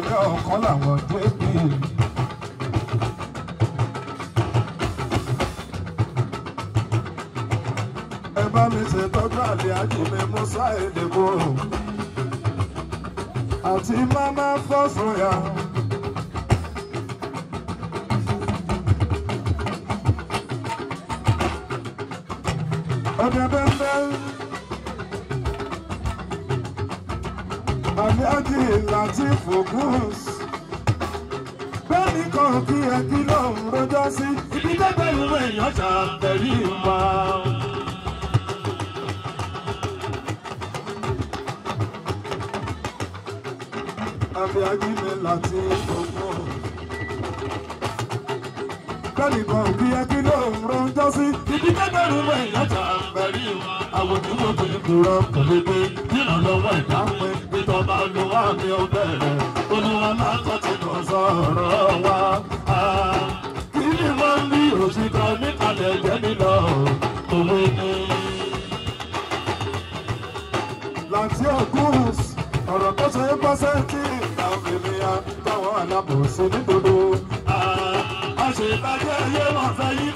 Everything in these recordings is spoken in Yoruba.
ìrora ọ̀kan làwọn tó pè é. ẹ bá mi ṣe tọ́jú àlè àjùmí musa èdèbò àti mama fọ́sọ̀yà. ọ̀dẹ̀ bẹ́ẹ̀ bẹ́ẹ̀. àlẹ́jì láti fòkús. bẹ́ẹ̀ni kan kí ẹ kí ló ń rojọ́ sí. ibi tẹ́gbẹ́ ìwé èèyàn ṣàtẹ̀rí wa. àlẹ́jì láti fòkús. bẹ́ẹ̀ni kan kí ẹ kí ló ń rojọ́ sí. ibi tẹ́gbẹ́ ìwé èèyàn ṣàtẹ̀rí wa. àwọn ìdúró tó ń dúró kò lè dé nínú lọ́wọ́ ìdáhùn tọba olúwa mi ò bẹ̀rẹ̀ olúwa máa kọ́ ti lọ sọ̀rọ̀ wa. kí ni wọ́n ń bí òṣìkọ níkàlẹ̀ jẹ́ nílọ òwe ni. láti ọ̀gùnrùs ọ̀rọ̀ tó ṣe é pọ́sẹ́ tí ìlànà ìyá táwọn alábòsí nítorí. àṣìbàjẹ́ yé wọ́n fẹ́ yí.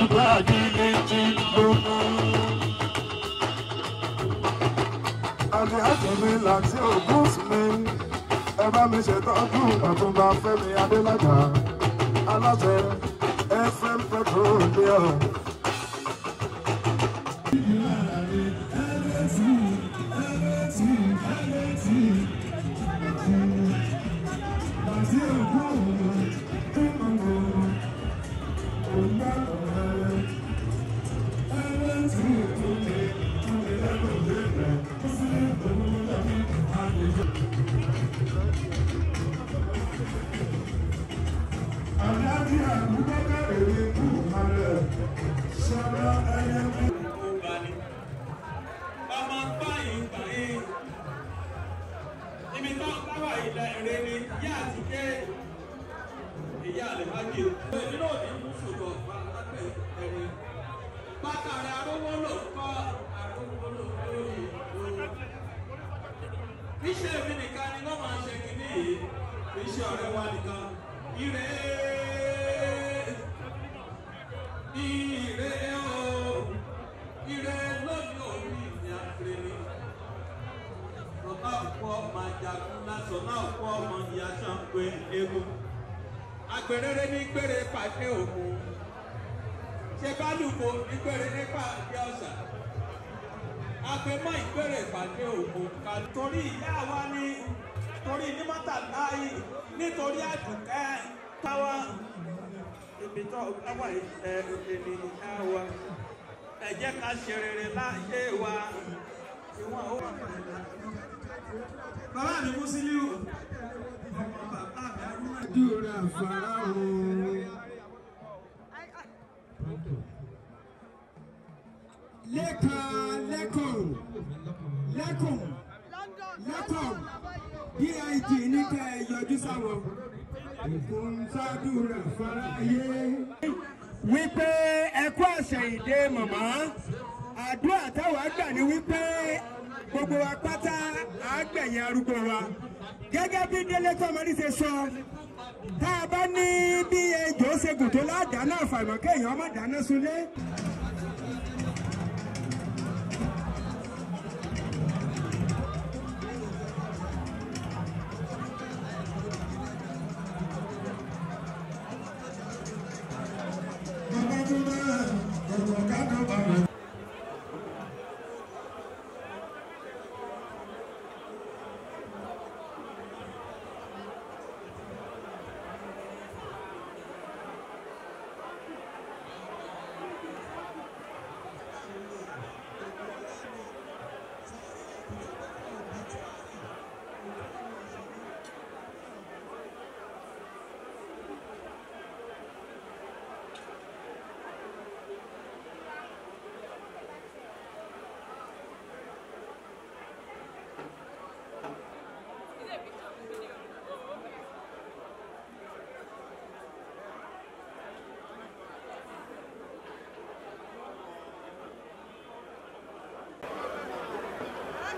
àdúrà jílé jí lónà. àti àtúnbí láti ògùn sinmi ẹ bá mi ṣètọ́jú àtúnbà Fẹ́mi Adélájà aláṣẹ FM petrol bíọ́. ọ̀dà ẹ̀rẹ́ ni yá àti kẹ́ ìyá àlèmájì. èmi náà ní mùsùlùmọ̀ ọ̀gbà lápẹ̀ ẹ̀rẹ́. bákàrẹ arówó lò kọ́ arówó lò lórí ooru. níṣẹ́ èmi nìkan ni wọ́n máa ṣe kínní yìí kì ọ̀rẹ́ wa nìkan. ire ire. akpọ ma Njaguna so na-akpọ ma ya chamkwe egwu agberere n'ikpere pate okwu chebalugbo ikpere nípa àdé ọ̀sà agbẹmọ ìpèrè ìpàdé òkú ká torí ìyá wa ní torí nímọ́tà láàyè nítorí àdùkẹ́ táwa ibi tó láwà ẹ ènìyàn wa ẹ jẹ́ ká ṣe rere láyé wa. bàbá mi mú sílí o bàbá mi arúgbó. dúró àfárá o. lẹ́ka lẹ́kọ̀ọ́ lẹ́kọ̀ọ́ lẹ́kọ̀ọ́ big ní ká ẹ yọjú sáwọ. ìkùn sádùrà fara yé. wípé ẹ kú àṣẹ ìdè màmá. àdúrà táwa gbà ní wípé gbogbo wa pátá àgbẹ̀yìn arúgbó wa gẹ́gẹ́ bí délé tọmọdé ṣe sọ tá a bá ní bí ejò ṣe gùn tó ládàá náà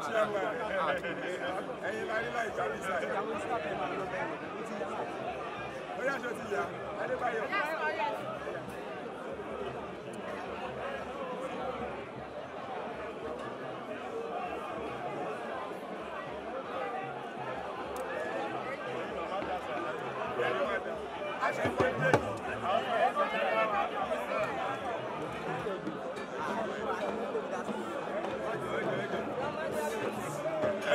ẹ̀yin la rí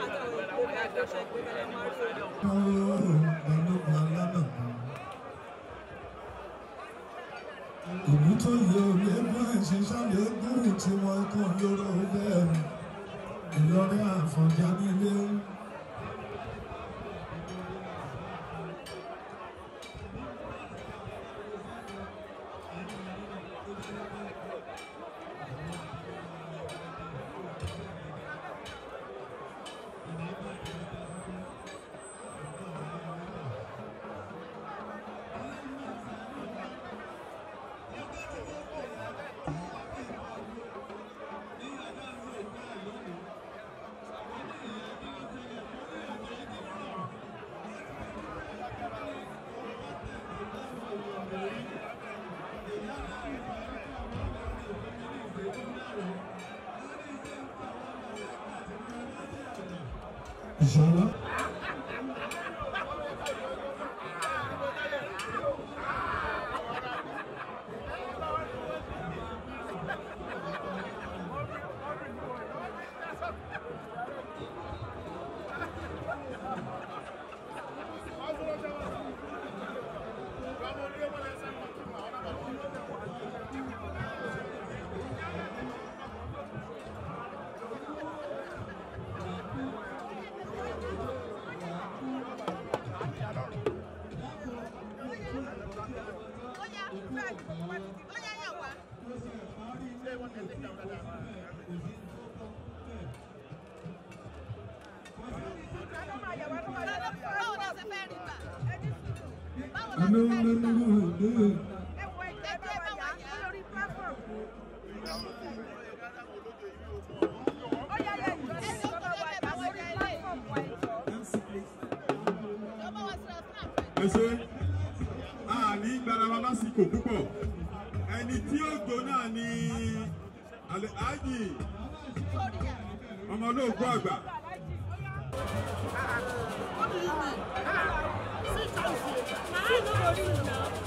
ìlú tó yẹ òní ẹgbẹ́ ìṣiṣẹ́ ẹgbẹ́ tí wọ́n kàn lóró bẹ́ẹ̀ ìlọrin àfọ̀njá nílé ń. Jana. Uhum. bẹ́ẹ̀ wọ́n tẹ̀lé ìjà ọ̀dàdà. Ẹ ṣe, a ní gbarawa lásìkò púpọ̀ ẹni tí ó gbó náà ni alhaji ọmọ olóògbé àgbà. What do you mean? Ah, sit down. Ah, no, no, no.